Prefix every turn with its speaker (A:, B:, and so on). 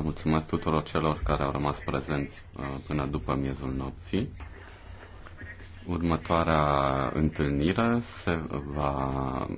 A: Le mulțumesc tuturor celor care au rămas prezenți uh, până după miezul nopții. Următoarea întâlnire se va